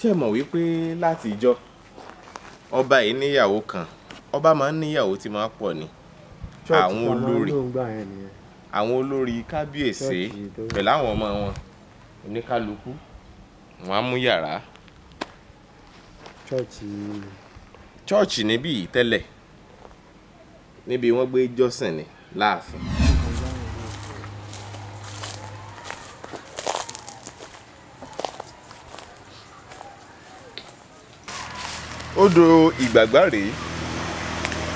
ṣé mọ̀ wípé láti ìjọ ọba yìí níyàwó kan ọba máa ń níyàwó tí máa pọ̀ ni àwọn olórí àwọn olórí kábíyèsí pẹ̀lú àwọn ọmọ wọn oníkálukú wọn á mú yàrá. chọ́ọ̀chì níbí yìí tẹ́lẹ̀ níbi wọ́n gbé jọ́sìn ni láàfin. odò ìgbàgbá rèé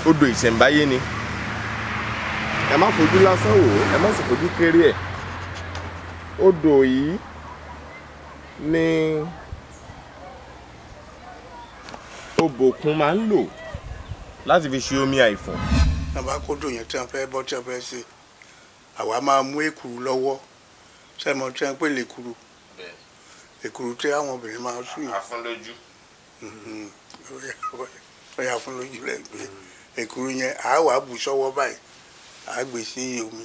odò ìṣẹ̀ǹbáyé ni ẹ má fojú lásán wò ẹ má sì fojú kéré ẹ̀ odò yìí ni obòkun máa ń lò láti fi ṣe omi àìfọ̀. tí wọ́n bá kó dò yẹn tí wọ́n fẹ́ bọ́ tí wọ́n fẹ́ ṣe àwa máa mú èkuru lọ́wọ́ sẹ́mọ tí wọ́n pè lèkuru èkuru tí àwọn obìnrin máa ń sùn. àfúnlójú lórí àfún lójú lẹ́gbẹ̀ẹ́ èkúrú yẹn àá wàá bù sọ́wọ́ báyìí àá gbé sí omi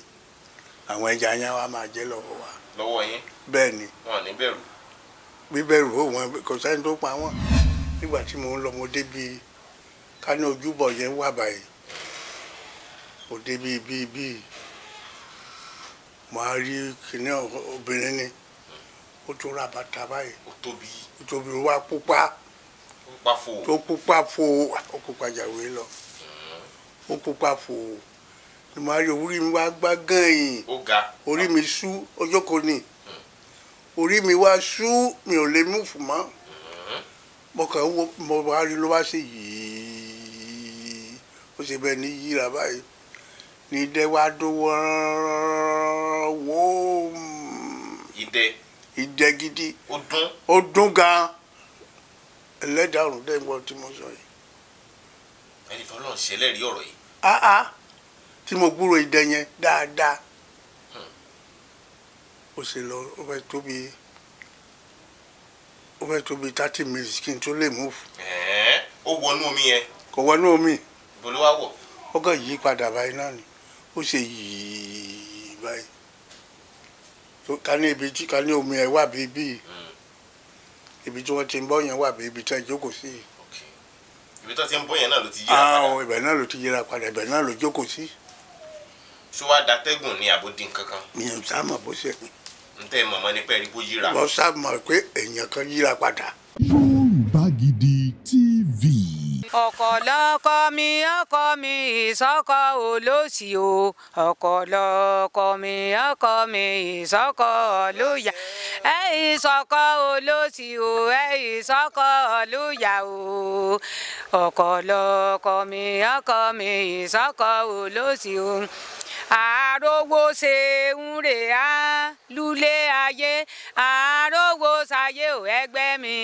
àwọn ẹja yẹn wàá máa jẹ lọ́wọ́ wa. lọ́wọ́ yín. bẹ́ẹ̀ ni. wọn ní bẹ̀rù. bíbẹ̀rù ó wọn kò sẹ́ni tó pa wọ́n nígbà tí mò ń lọ mo débi ká ní ojúbọ yẹn wà báyìí mo débi bíi bíi mo á rí kinní obìnrin ni ó tó ra bàtà báyìí. ó tóbi. ó tóbi ó wá pupa tó pupa fo ó pupa jàwé lọ ó pupa fo ni màá rí orí mi wá gbá gan yìí orí mi sú ọjọ́ kan ní orí mi wá sú mi ò lè mú fún mọ́ mo kàn ń bá rí ló bá ṣe yìí ó ṣe bẹ́ẹ̀ ní yíra báyìí ní idẹ wá dó wọ́ọ́ idẹ idẹ gidi ó dún ó dún gan-an ẹlẹ́dàá ọ̀run dẹ́n gbọ́ tí mo sọ yìí. ẹni fọlọ́ ń ṣẹlẹ́rìí ọ̀rọ̀ yìí. áá tí mo gbúrò idẹ yẹn dáadáa hmm. ó sì lọ ó fẹ́ tóbi ó fẹ́ tóbi thirty minutes kí n tó lè move. ẹ̀ẹ́ ó wọnú omi yẹn. kò wọnú omi. ìbòló wa wọ̀. ó kàn yí padà báyìí náà ni ó ṣe yìí báyìí ká ní ibi tí ká ní omi ẹ̀ wà bíi bíi. Mm ibi tí wọ́n ti ń bọ́ yẹn wà bí ibi tí wọ́n jókòó sí. ibi tí wọ́n ti ń bọ́ yẹn náà ló ti yíra ah, padà. àwọn oh, ibẹ̀ náà ló ti yíra padà ibẹ̀ náà ló jókòó sí. ṣó wàá datẹ́gùn ní àbòdì kankan. mi ò sá mọ̀ bó ṣe. n tẹ́ mọ̀mọ́ ní pẹ́ẹ́rí bó yíra. wọ́n sá mọ̀ pé èèyàn kan yíra padà. Yorùbá Gidi ọkọ lọkọ mi ọkọ mi ìsọkọ olóṣì o ọkọ lọkọ mi ọkọ mi ìsọkọ olóyà ẹ ìsọkọ olóṣì o ẹ ìsọkọ olóyà o ọkọ mi ọkọ mi ìsọkọ olóṣì o àròwò ṣeun rè á lulẹ̀ ayé àròwò ṣayé ò ẹgbẹ́ mi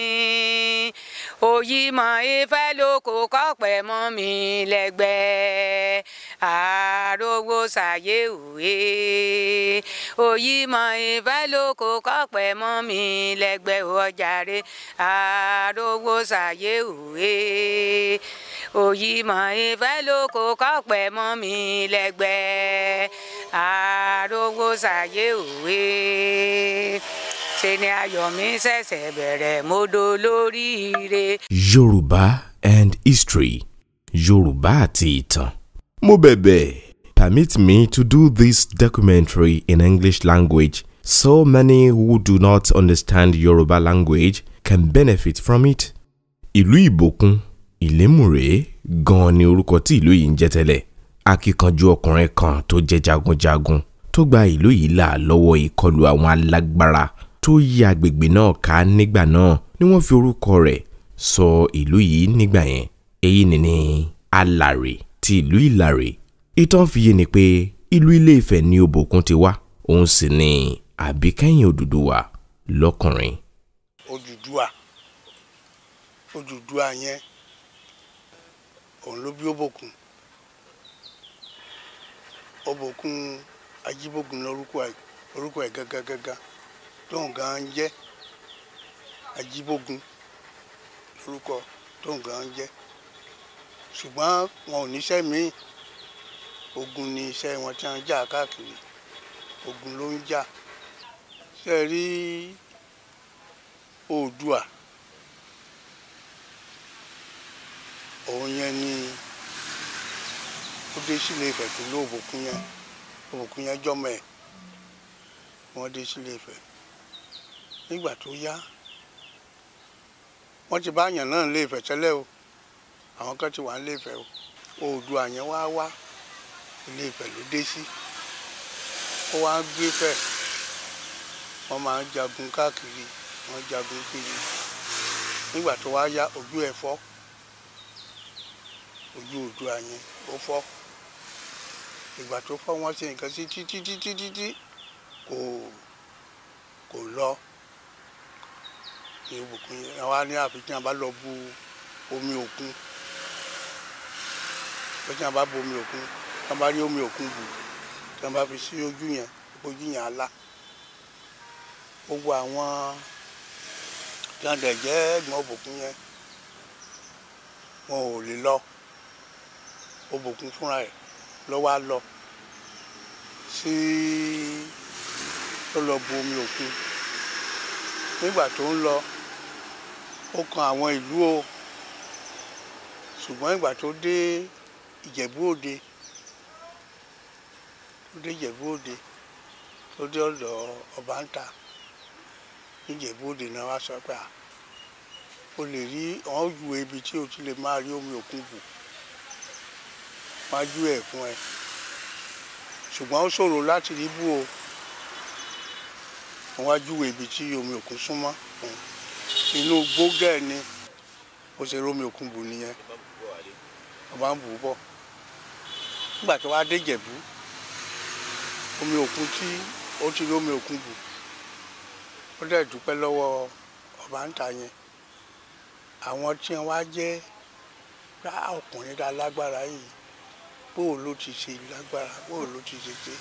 òyìnbó ìfẹ́ ló kó kọ́pẹ́ mọ́ mi lẹ́gbẹ̀ẹ́ àrògbó ṣàyé òwe òyìnbó ìfẹ́ ló kó kọ́pẹ́ mọ́ mi lẹ́gbẹ̀ẹ́ ọjàre àrògbó ṣàyé òwe òyìnbó ìfẹ́ ló kó kọ́pẹ́ mọ́ mi lẹ́gbẹ̀ẹ́ àrògbó ṣàyé òwe ṣe ni ayọ̀ ṣẹ̀ṣẹ̀ bẹ̀rẹ̀ mo dolóríire. Yorùbá and history Yorùbá àti ìtàn. Mo bẹ̀bẹ̀. Permit me to do this documentary in English language so many who do not understand Yoruba language can benefit from it. Ìlú Ìbòkun, Ìlémùrè gan-an ni orúkọ tí ìlú yìí ń jẹ́ tẹ́lẹ̀. Akíkanjú ọkùnrin kan tó jẹ́ jagunjagun tó gba ìlú yìí là lọ́wọ́ ìkọlù àwọn alágbára tó yí agbègbè náà ká nígbà náà ni wọ́n fi orúkọ rẹ̀ sọ ìlú yìí nígbà yẹn èyí nìní alárè ti ìlú ìlàrè ìtàn fi yé ni pé ìlú ilé ifẹ̀ ni ọbòkun ti wá òun sì ni àbíkẹ́yìn òdùdúwà lọ́kùnrin. òdùdúwà òdùdúwà yẹn òun ló bí ọbòkun ọbòkun ajíbòkun lórúkọ ẹ̀ gángan gángan tóun gan ń jẹ́ ajíbógun lórúkọ tóun gan ń jẹ́ ṣùgbọ́n wọn ò níṣẹ́ míì ogun ni iṣẹ́ wọn tí ń jà káàkiri ogun ló ń jà ṣe rí oòdùà òun yẹn ni ó dé sílé Ifẹ̀ pẹ̀lú Ọbọ̀kúnyà Ọbọ̀kúnyà jọmọ ẹ̀ wọ́n dé sílé Ifẹ̀ nígbà tó yá wọ́n ti bá àyàn náà lé Ifẹ̀ tẹ́lẹ̀ o àwọn kan ti wà ń lé Ifẹ̀ o Oòduà àyàn wá wá ilé Ifẹ̀ ló dé sí ó wá ń gbé Ifẹ̀ wọ́n máa ń jagun káàkiri wọ́n jagun kiri nígbà tó wá yá ojú ẹ̀ fọ́ ojú Oòduà àyàn ó fọ́ ìgbà tó fọ́ wọ́n ṣe nǹkan sí títí títí títí kò kò lọ ṣe òkun àwa ní àfihàn bá lọ bu omi òkun lọ́sàn bá bu omi òkun tí wọ́n bá rí omi òkun bù tí wọ́n bá fi sí ojú yẹn ojú yẹn alá gbogbo àwọn tí wọ́n dẹ̀ jẹ́ ẹ̀gbọ́n òbòkun yẹn wọn ò lè lọ òbòkun fúnra ẹ̀ lọ́wọ́ á lọ sí ló bu omi òkun nígbà tó ń lọ ó kan àwọn ìlú o ṣùgbọ́n ìgbà tó dé ìjẹ̀bú òde tó dé ìjẹ̀bú òde tó dé ọ̀dọ̀ ọ̀bántà níjẹ̀bú òde náà wá sọ pé o lè rí àwọn ju ibi tí o ti lè máa rí omi òkun bù wájú ẹ̀ fún ẹ ṣùgbọ́n ó ṣòro láti rí bú o wájú ibi tí omi òkun súnmọ́ fún inú gbógẹ̀ ni ó ṣe rómi òkun bù nìyẹn ọba ń bù ú bọ̀ nígbà tó wá dé Ìjẹ̀bú omi òkun tí ó ti rómi òkun bù ó dẹ̀ dúpẹ́ lọ́wọ́ ọba ń ta yẹn àwọn tí wọn wá jẹ́ ọkùnrin tá a lágbára yìí bóò ló ti ṣe lágbára bóò ló ti ṣe ṣe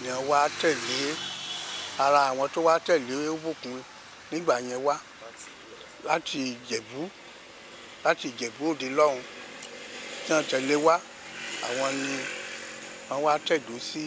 ni wọn wá tẹ̀lé ara àwọn tó wá tẹ̀lé Ìbùkún nígbà yẹn wá láti láti lọ́hùn tẹ̀lé wá àwọn ni wa wá tẹ̀dó sí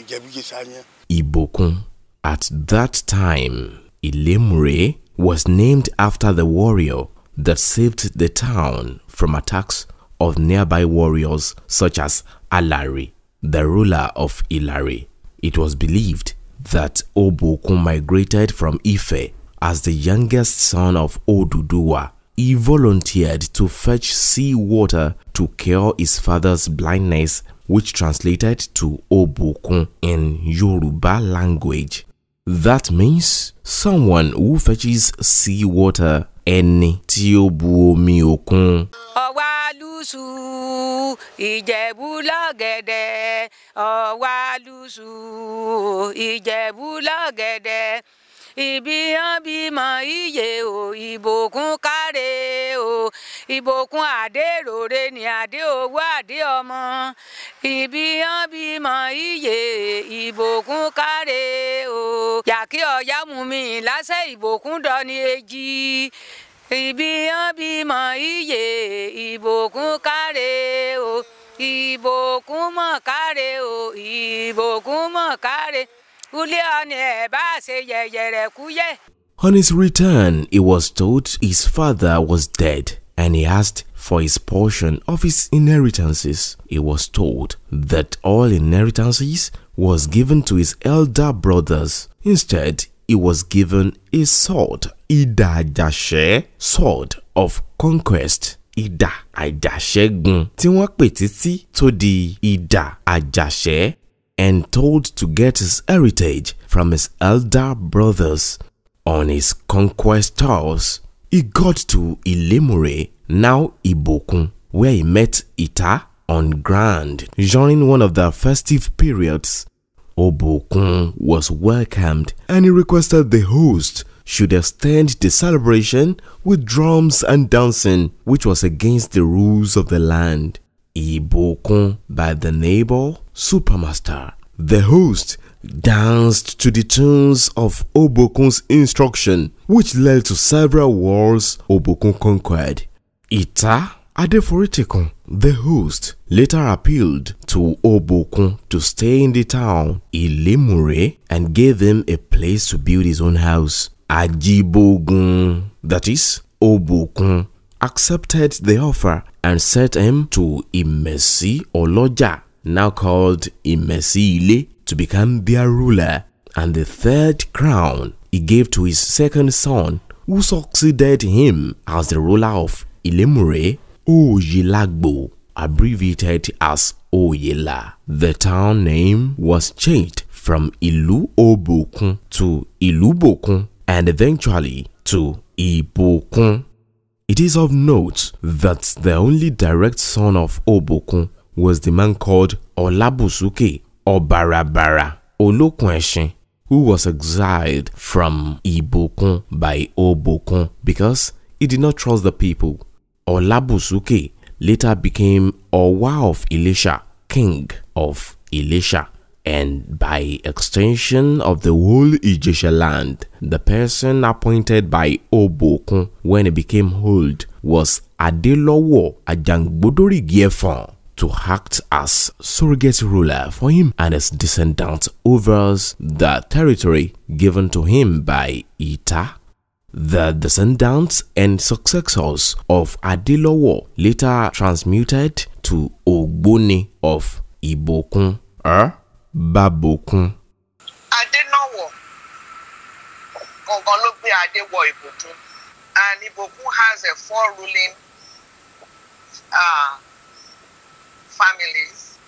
ìjẹ̀bú-jésà yẹn. Ìbòkun at that time Ilemure was named after the warrior that saved the town from attacks of nearby warriors such as Alari, the ruler of Ilari. It was believed that Obokun migrated from Ife as the youngest son of Oduduwa. He volunteered to fetch sea water to cure his father's blindness which translated to Obokun in Yoruba language. That means someone who fetches sea water tiobu tí lùsù ìjẹ̀bú lọ́gẹ̀dẹ̀ ọ̀wá lùsù ìjẹ̀bú lọ́gẹ̀dẹ̀ ibi hàn bímọ iye o ìbòkún káre o ìbòkún àdéròrè ní àdé owó àdé ọmọ ibi hàn bímọ iye ìbòkún káre o yàkí ọ̀yá mú mi lásẹ̀ ìbòkún dọ́ni èjì iye káre o káre o káre kúyẹ̀. On his return, he was told his father was dead and he asked for his portion of his inheritances. He was told that all inheritances was given to his elder brothers. Instead, he was given a sword, Ida Dashe, sword of conquest. Idà ida shegun. wọ́n pè tó the idà Ajashe and told to get his heritage from his elder brothers on his conquest tours. He got to Ilemure, now Ibokun, where he met Ita on ground during one of the festive periods Obokun was welcomed and he requested the host should extend the celebration with drums and dancing, which was against the rules of the land. Ibokun, by the neighbor, supermaster. The host danced to the tunes of Obokun's instruction, which led to several wars Obokun conquered. Ita Adeforitikun, the host, later appealed to Obokun to stay in the town Ilimure and gave him a place to build his own house. Ajibogun, that is, Obokun, accepted the offer and sent him to Imesi Oloja, now called Imesi Ile, to become their ruler. And the third crown he gave to his second son, who succeeded him as the ruler of Ilimure Ojilagbo, abbreviated as Oyela. The town name was changed from Ilu Obokun to Ilubokun and eventually to Ibokun. It is of note that the only direct son of Obokun was the man called Olabusuke or Barabara Olokunshin who was exiled from Ibokun by Obokun because he did not trust the people Olabusuke later became Owa of Elisha, king of Elisha, and by extension of the whole Ijesha land. The person appointed by Obokun when he became old was Adelowo Ajangbodori Giefon to act as surrogate ruler for him and his descendants over the territory given to him by Ita The descendants and successors of Adelowo later transmuted to Ogboni of Ibokun or Babokun. Adelowo gangan ló gbé Ibokun and Ibokun has a four ruling uh, families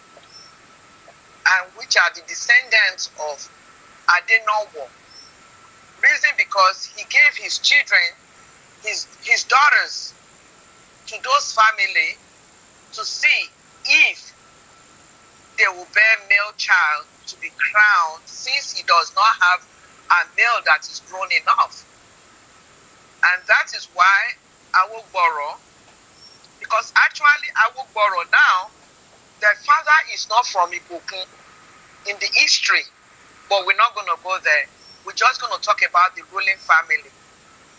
and which are the descendants of Adelowo. Reason because he gave his children, his, his daughters, to those family to see if they will bear male child to be crowned since he does not have a male that is grown enough. And that is why I will borrow, because actually I will borrow now, the father is not from Ibukun in the history, but we're not going to go there. We're just going to talk about the ruling family.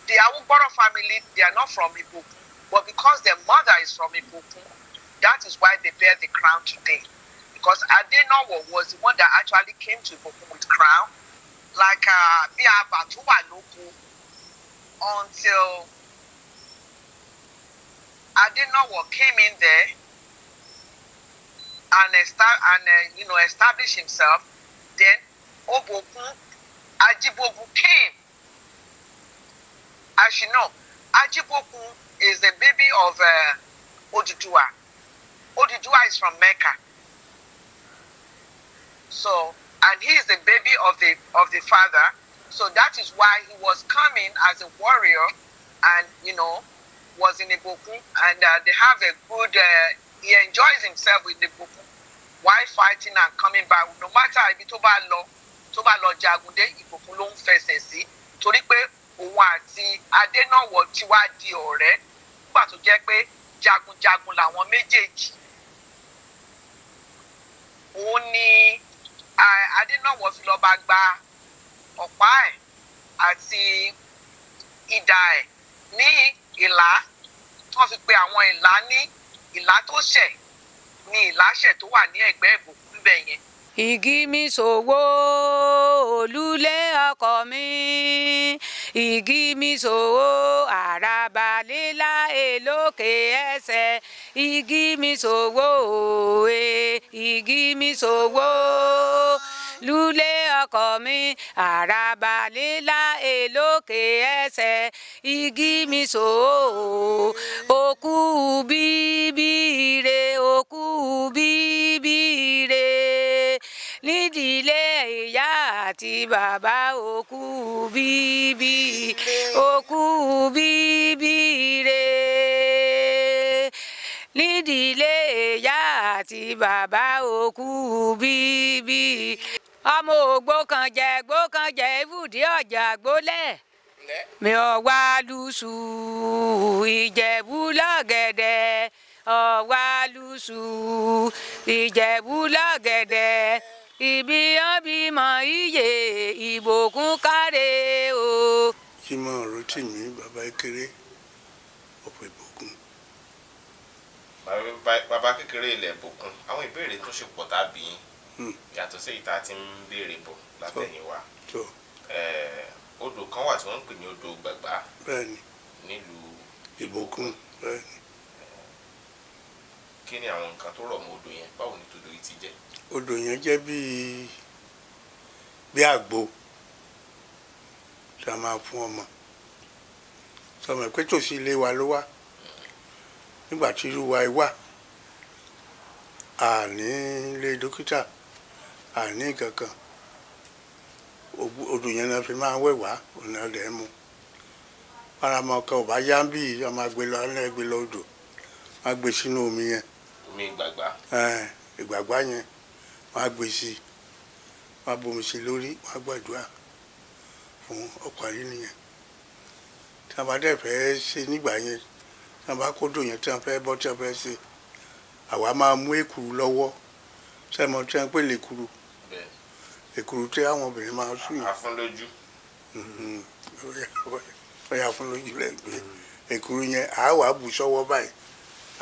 The Awugboro family, they are not from Ibuku, but because their mother is from Ibuku, that is why they bear the crown today. Because Adenawa was the one that actually came to Ibuku with crown, like Bia uh, Batuwa Loko, until Adenawa came in there and, and uh, you know establish himself. Then Obokun Ajiboku came. As you know, Ajiboku is the baby of uh, Oduduwa. is from Mecca. So, and he is the baby of the of the father. So that is why he was coming as a warrior, and you know, was in Iboku, and uh, they have a good. Uh, he enjoys himself with Iboku, while fighting and coming back. No matter if it's tó bá lọ jagun dé ìbùkún ló ń fẹsẹ̀ sí torí pé òun àti adénáwọ̀ ti wá di ọ̀rẹ́ nígbà tó jẹ́ pé jagunjagun làwọn méjèèjì òun ni adénáwọ̀ fi lọ́ọ́ bá gba ọ̀pá ẹ̀ àti idà ẹ̀ ní ìlà tó fi pe àwọn ìlà ní ìlà tó ṣẹ̀ ní ìlàṣẹ̀ tó wà ní ẹ̀gbẹ́ ìbùkún bẹ̀ yẹn igi mi ṣòwò olùlé ọkọ mi igi mi ṣòwò àràbà lílá èlòkè ẹsẹ̀ igi mi ṣòwò òwe igi mi ṣòwò lulẹ̀ ọkọ mi àràbà lílá èlòkè ẹsẹ̀ igi mi ṣòwò òkú bíbí ire òkú bíbí nídìílé ìyá àti bàbá òkú bíbí òkú bíbí rè nídìílé ìyá àti bàbá òkú bíbí ọmọ ògbó kan jẹ gbó kan jẹ ibùdí ọjà gbólẹ̀ mi ọ̀wá lùsù ìjẹ̀bú lọ́gẹ̀dẹ̀ ọ̀wá lùsù ìjẹ̀bú lọ́gẹ̀dẹ̀ ibi ọbímọ iye ìbòkún káre o. jimoh rotimi baba ekere ọ̀pọ̀ ìbòkún. baba kékeré ilẹ̀ ìbòkún àwọn ìbéèrè tó ṣe pọ̀ tàbí hmm. yàtọ̀ sí ìta tí ń béèrè bọ̀ látẹ̀yìnwá odò kan wà tí wọ́n ń pè ní odò gbàgbà nílùú ìbòkún kí ni àwọn nǹkan tó rọ̀ mọ́ odò yẹn báwo ni tòdò yìí ti jẹ́. odò yẹn jẹ́ bíi bíi àgbo tá a máa fún ọmọ sọmọ pé tòsí ilé wa ló wá nígbà tí irú wa wà àní ilé dókítà àní kankan odò yẹn náà fi máa wẹ̀wá ọ̀nà rẹ̀ mu faramọ́ kan ò bá yá ń ọmọ agbélọ́ ọ̀nà ẹgbẹ́lọ́ odò wọ́n gbé sínú omi yẹn omi ìgbàgbá. ìgbàgbá yẹn wàá gbé sí i wàá bomi sí i lórí wàá gbàdúrà fún ọkọ̀ àríyànjiyàn tí wọ́n bá dẹ̀ fẹ́ ṣe nígbà yẹn tí wọ́n bá kó dùn yẹn tí wọ́n fẹ́ bọ́ tí wọ́n fẹ́ ṣe àwa máa mú èkuru lọ́wọ́ sẹ́mọ tí wọ́n pè lèkuru èkuru tí àwọn obìnrin máa sùn àfúnlójú. ọ̀yà mm-hmm. àfúnlójú lẹ́gbẹ̀ẹ́ èkuru yẹn àá wàá bù sọ́wọ́ báyìí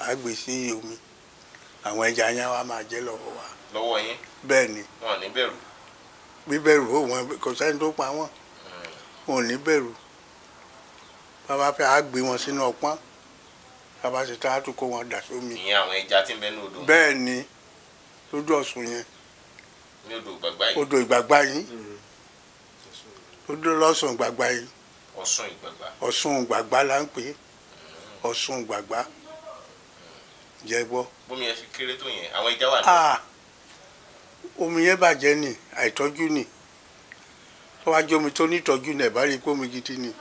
àá gbé sí omi àwọn ẹja yẹn wá máa jẹ lọ́wọ́ wa. lọ́wọ́ yín. bẹ́ẹ̀ ni. wọn ò ní bẹ̀rù. bíbẹ̀rù ó wọn kò sẹ́ni tó pa wọ́n hmm. wọn ò ní bẹ̀rù bàbá fẹ́ á gbé wọn sínú ọpọ́n bàbá ṣe tá a tún kó wọn dà sómi. ìyẹn àwọn ẹja tí ń bẹ ní odò. bẹ́ẹ̀ ni lójú Ọ̀ṣun yẹn. ní odò ìgbàgbá yìí. odò ìgbàgbá yìí hmm. odò lọ́sùn ìgbàgbá yìí. Ọ̀ṣun ìgbàgbá. Ọ̀ṣun ìgbàgbá la ń pè é hmm. Ọ̀ṣun ìgbàgbá. Mm -hmm jẹ́ gbọ́. bómi yẹn fi kéré tó yẹn àwọn ìjà wà náà. Ah! omi yẹn bàjẹ́ ni àìtọ́jú ni tó bá jẹ́ omi tó nítọ́jú ni ẹ̀bá rí i pé omi gidi ni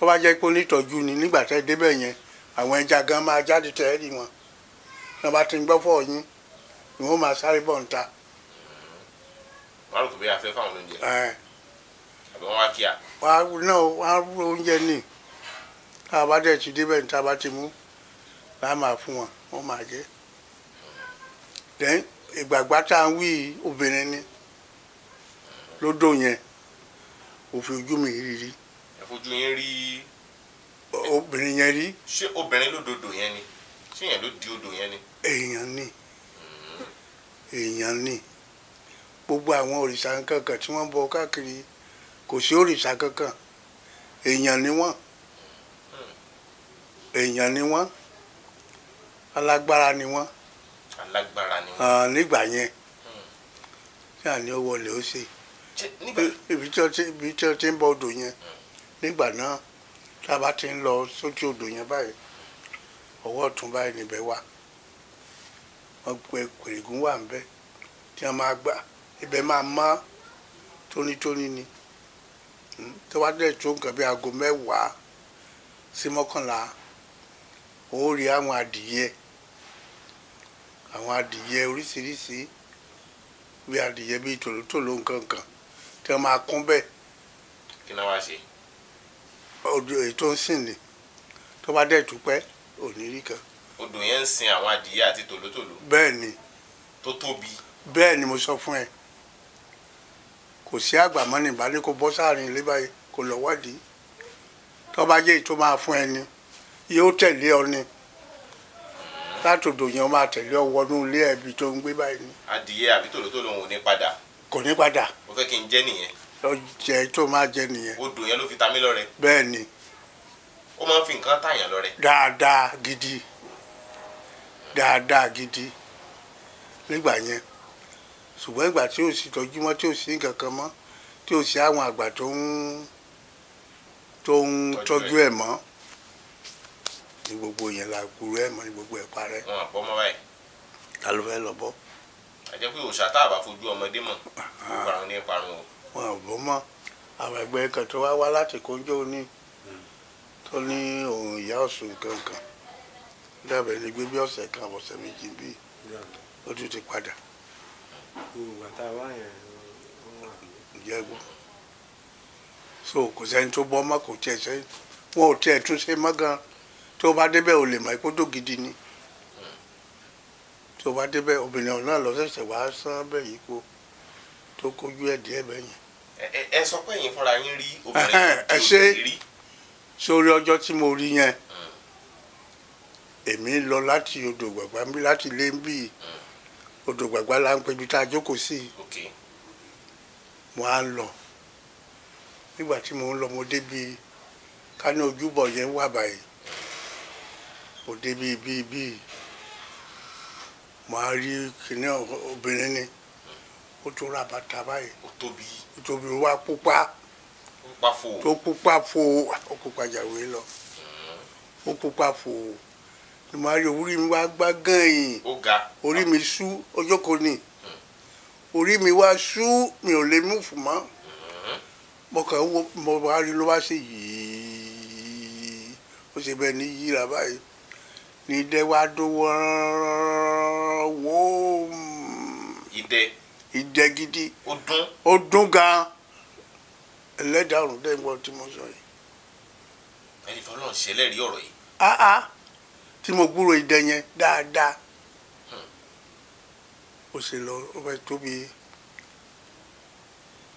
tó bá jẹ́ pé onítọ́jú ni nígbà tẹ́ débẹ̀ yẹn àwọn ẹja gan máa jáde tẹ́ ẹ́ rí wọn náà bá ti ń gbọ́ fọ́ yín ni wọ́n máa sáré bọ̀ ń ta. wọ́n rò pé afẹ́ fáwọn oúnjẹ àbí wọ́n wá kíá. wàá náà wàá oúnjẹ ni tá a bá dẹ̀ ti débẹ̀ ní tá bá ti mú bá máa fún wọn wọ́n máa jẹ then ìgbàgbá tá à ń wí obìnrin ni lódò yẹn òfin ojú mi rí rí. ẹ fojú yẹn rí. obìnrin yẹn rí. ṣé obìnrin ló dodò yẹn ni ṣé yẹn ló di odò yẹn ni. èèyàn ni hmm. èèyàn ni gbogbo àwọn òrìṣà kankan tí wọ́n bọ káàkiri kò sí òrìṣà kankan èèyàn ni wọ́n hmm. èèyàn ni wọ́n. Hmm alágbára ni wọ́n ni wọ́n ah, nígbà yẹn tí hmm. à ní ọwọ́ lè ó ṣe ibi tí wọ́n ti ń bọ odò yẹn hmm. nígbà náà tá a bá ti ń lọ sójú odò yẹn báyìí ọwọ́ ọ̀tún báyìí níbẹ̀ wà wọ́n pe pèrègùn wà níbẹ̀ tí wọ́n máa gbà ibẹ̀ máa mọ́ tónítóní ni hmm. tó bá dẹ̀ tó nǹkan bí aago mẹ́wàá sí mọ́kànlá ó rí àwọn adìyẹ àwọn adìyẹ oríṣiríṣi bí adìyẹ bíi tòlótòló nǹkankan tí wọ́n máa kún bẹ́ẹ̀. kí ló wá ṣe. odò èyí tó ń sìn ni tó bá dẹ̀ túpẹ́ òní rí kan. odò yẹn ń sin àwọn adìyẹ àti tòlótòló. bẹ́ẹ̀ ni. tó tóbi. bẹ́ẹ̀ ni mo sọ fún ẹ kò sí àgbà mọ́ nìbá bọ́ sáàrin ilé báyìí kó lọ wádìí tó bá jẹ́ èyí tó máa fún ẹ ni yóò tẹ̀lé ọ ni látòdò yẹn máa tẹ̀lé ọ wọnú ilé ẹbí tó ń gbé báyìí ni. adìyẹ àbí tòlótòló òun ò ní padà. kò ní padà. mo fẹ́ kí n jẹ́ nìyẹn. lọ jẹ tó máa jẹ nìyẹn. odò yẹn ló fi ta mí lọ́rẹ. bẹ́ẹ̀ ni. ó máa ń fi nǹkan tàyàn lọ́rẹ. dáadáa gidi dáadáa gidi nígbà yẹn ṣùgbọ́n ìgbà tí ò sí tọ́jú mọ́ tí ò sí nǹkan kan mọ́ tí o sí àwọn àgbà tó ń tó ń tọ́jú ẹ̀ mọ́ ní gbogbo yẹn la kúrú ẹ̀ mọ́ ní gbogbo ẹ̀ parẹ́. wọn àpọ̀ mọ́ báyìí. ta ló fẹ́ lọ bọ́. àjẹ́ pé òòṣà tá a bá fojú ọmọdé mọ̀ parun ah, ah. ní parun o. wọn ò bọ́ mọ́ àwọn ẹgbẹ́ kan tó wá wá láti kóńjó ní hmm. tó ní òun ìyá ọ̀sùn kankan dábàá ẹni gbé bí ọ̀sẹ̀ kan ọ̀sẹ̀ méjì bíi ó tún ti padà. ǹjẹ́ gbọ́ so kò sẹ́ni tó bọ́ mọ́ kò tiẹ̀ sẹ́ni wọn ò tiẹ̀ tún ṣe mọ́ gan-an tó o bá débẹ̀ o lè mọ̀ ìkótó gidi ni tó o bá débẹ̀ obìnrin ọ̀hún náà lọ́sẹ̀sẹ̀ wá sán bẹ́ẹ̀ yìí kó tó kójú ẹ̀ díẹ̀ bẹ́ẹ̀ yẹn. ẹ sọ pé ẹ̀yin fúnra yín rí obìnrin tó ti rí. sórí ọjọ́ tí mo rí yẹn hmm. èmi lọ láti odò gbàgbà mi láti lé ń hmm. odò gbàgbà la ń péjú tá a jókòó sí i mo á lọ nígbà tí mo ń lọ mo débi ká ní ojúbọ yẹn wà báyìí òde bíi bíi bíi màá rí kìnìún obìnrin ni ó tó ra bàtà báyìí ó tóbi ó tóbi wá pupa tó pupa fo ó pupa jàwé lọ ó pupa fo ni màá rí orí mi wá gbá gan yìí orí mi sú ọjọ́ kò ní orí mi wá sú mi ò lè mú fún mọ́ mo kàn ń wo mo bá rí ló wá sí yìí ó ṣe bẹ́ẹ̀ ní yíra báyìí idẹ wa do wo. idẹ idẹ gidi Odun. dún ó dún gan ẹlẹ́dàá ọ̀run dẹ́yìn wọ́n tí mo sọ yìí. ẹni fọlọ́ ń ṣẹlẹ́rìí ọ̀rọ̀ yìí. ah ah tí mo gbúrò idẹ yẹn dáadáa ó sì lọ ó fẹ́ tóbi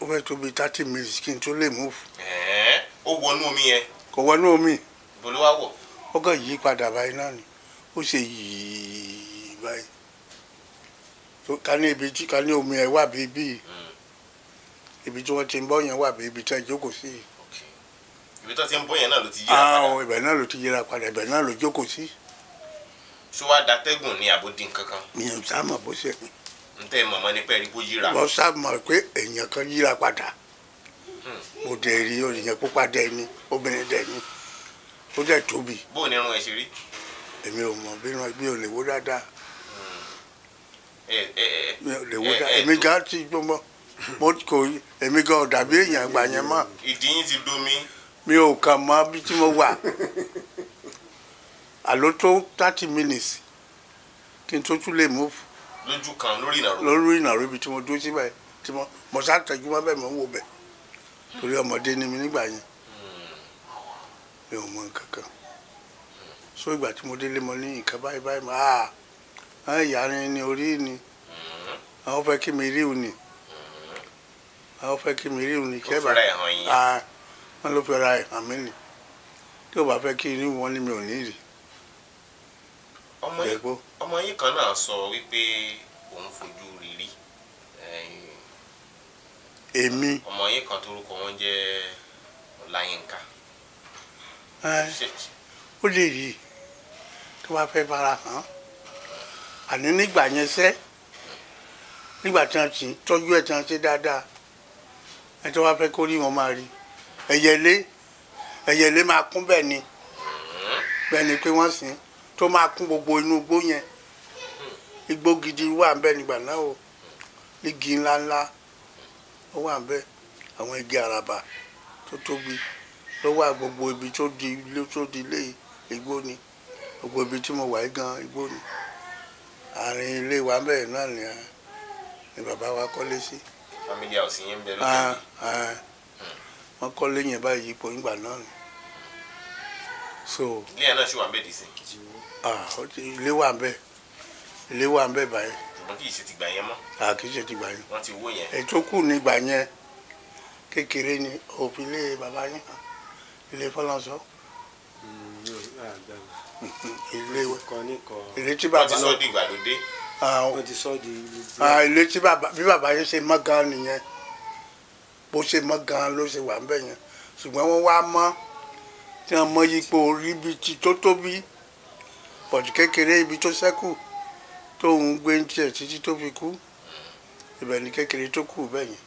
ó fẹ́ tóbi thirty minutes kí n tó move. Eh. O wọnú omi yẹn. kò wọnú omi. ìbò ló wá wọ̀. ó kàn yí padà báyìí ni. ó ṣe yi báyìí tó ká ní ibi tí ká ní omi ẹ̀ wà bíi bíi hmm. ibi tí wọ́n ti ń bọ́ yẹn wà ibi tí wọ́n jókòó sí ibi tó ti ń bọ́ yẹn náà ló ti yíra ah, padà. ibẹ̀ náà ló ti yíra padà ibẹ̀ náà ló jókòó sí. ni ní àbòdì kankan. mi ò sá mọ̀ bó ṣe. n tẹ́ mọ̀mọ́ nípa ẹ̀rí bó yíra. wọ́n sá mọ̀ pé èèyàn kan yíra padà. Hmm. mo dẹ̀ rí pupa dẹ̀ obìnrin dẹ̀ èmi ò mọ̀ bí mi ò lè wó dáadáa hmm. eh, eh, eh. mi ò lè wó dáadáa èmi gan ti gbọmọ mo kò èmi gan ò dàbí èèyàn àgbà yẹn mọ́. ìdí yín ti domi. mi ò kàn mọ̀ bí tí mo wà àló tó thirty minutes kí n tó tún lè move. lójú kan lórí ìnàró. lórí ìnàró ibi tí mo dúró síbẹ̀ tí mo mo sá mọ́ bẹ́ẹ̀ mo ń wò bẹ́ẹ̀ torí ọmọdé ni mi nígbà yẹn hmm. mi ò mọ̀ nǹkan so ìgbà tí mo délé mo ní nǹkan báyìí báyìí mo ah, ah, ni orí ni mm-hmm. àwọn fẹ́ kí mi rí òní mm-hmm. àwọn fẹ́ kí mi rí òní kẹ́bà wọn ló fẹ́ ah, mi ni tí o bá fẹ kí irú wọn ni mi ò ọmọ yìí kan náà sọ wípé òun fojú riri. èmi. ọmọ yín kan torúkọ wọn jẹ Ọláyínká. ó lè rí i. tó bá fẹ́ fara hàn àní nígbà yẹn sẹ́ nígbà tí wọ́n ti tọ́jú ẹ̀ tí wọ́n ṣe dáadáa ẹ tó bá fẹ́ kó rí wọn máa rí ẹ̀yẹlé ẹ̀yẹlé máa kún bẹ́ẹ̀ ni bẹ́ẹ̀ ni pé wọ́n sìn tó máa kún gbogbo inú igbó yẹn igbó gidi wà ń bẹ́ẹ̀ nígbà náà o igi ńláńlá ó wà ń bẹ́ẹ̀ àwọn igi àràbà tó tóbi ló wà gbogbo ibi tó di ilé tó di ilé igbó ni gbogbo ibi tí mo wà yìí gan igbó ni àárín ilé wa bẹ́ẹ̀ náà ni ni bàbá wa kọ́lé sí. family house yín bẹ lókè yìí. wọ́n kọ́lé yẹn báyìí ipò ìgbà náà ni. ilé yẹn náà ṣì wà ń bẹ̀ dì sí. ilé wà ń bẹ̀ ilé wà ń bẹ̀ báyìí. ṣùgbọ́n kì í ṣe tìgbà yẹn mọ́. à kì í ṣe tìgbà yẹn. wọ́n ti wó yẹn. ètò kù nígbà yẹn kékeré ni òfin ilé bàbá yín kan ilé fọlọ́sọ ilé ilé tí bàbá náà ah, di ìgbàlódé. Ah, ilé tí bàbá bí bàbá yẹn ṣe mọ́ gan nìyẹn bó ṣe mọ́ gan ló ṣe wà ń bẹ̀ yẹn ṣùgbọ́n wọ́n wá mọ́ tí wọ́n mọ yípo orí bíi ti tó tóbi pọ̀jù kékeré ibi tó ṣẹ́kù tó ń gbé ń tiẹ̀ títí tó fi kú ibẹ̀ ni kékeré tó kù bẹ́ẹ̀ yẹn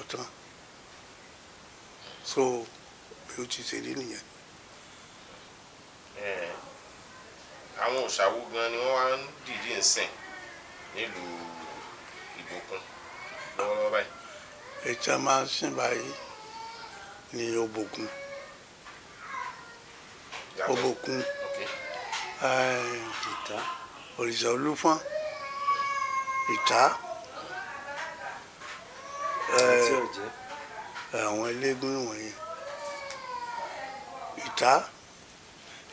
ọ̀tán uh, so bí ó ti ṣe rí nìyẹn. Eh, àwọn òṣàwò gan ni wọ́n wá ń dìde ń sìn nílùú ìgbòkun lọ́wọ́lọ́wọ́ báyìí. ètò a máa ń sìn báyìí ní ògbòkun ògbòkun eh, òrìṣà olúfọ́n ìta eh, àwọn eléégún wọ̀nyí ìta. Okay. Uh,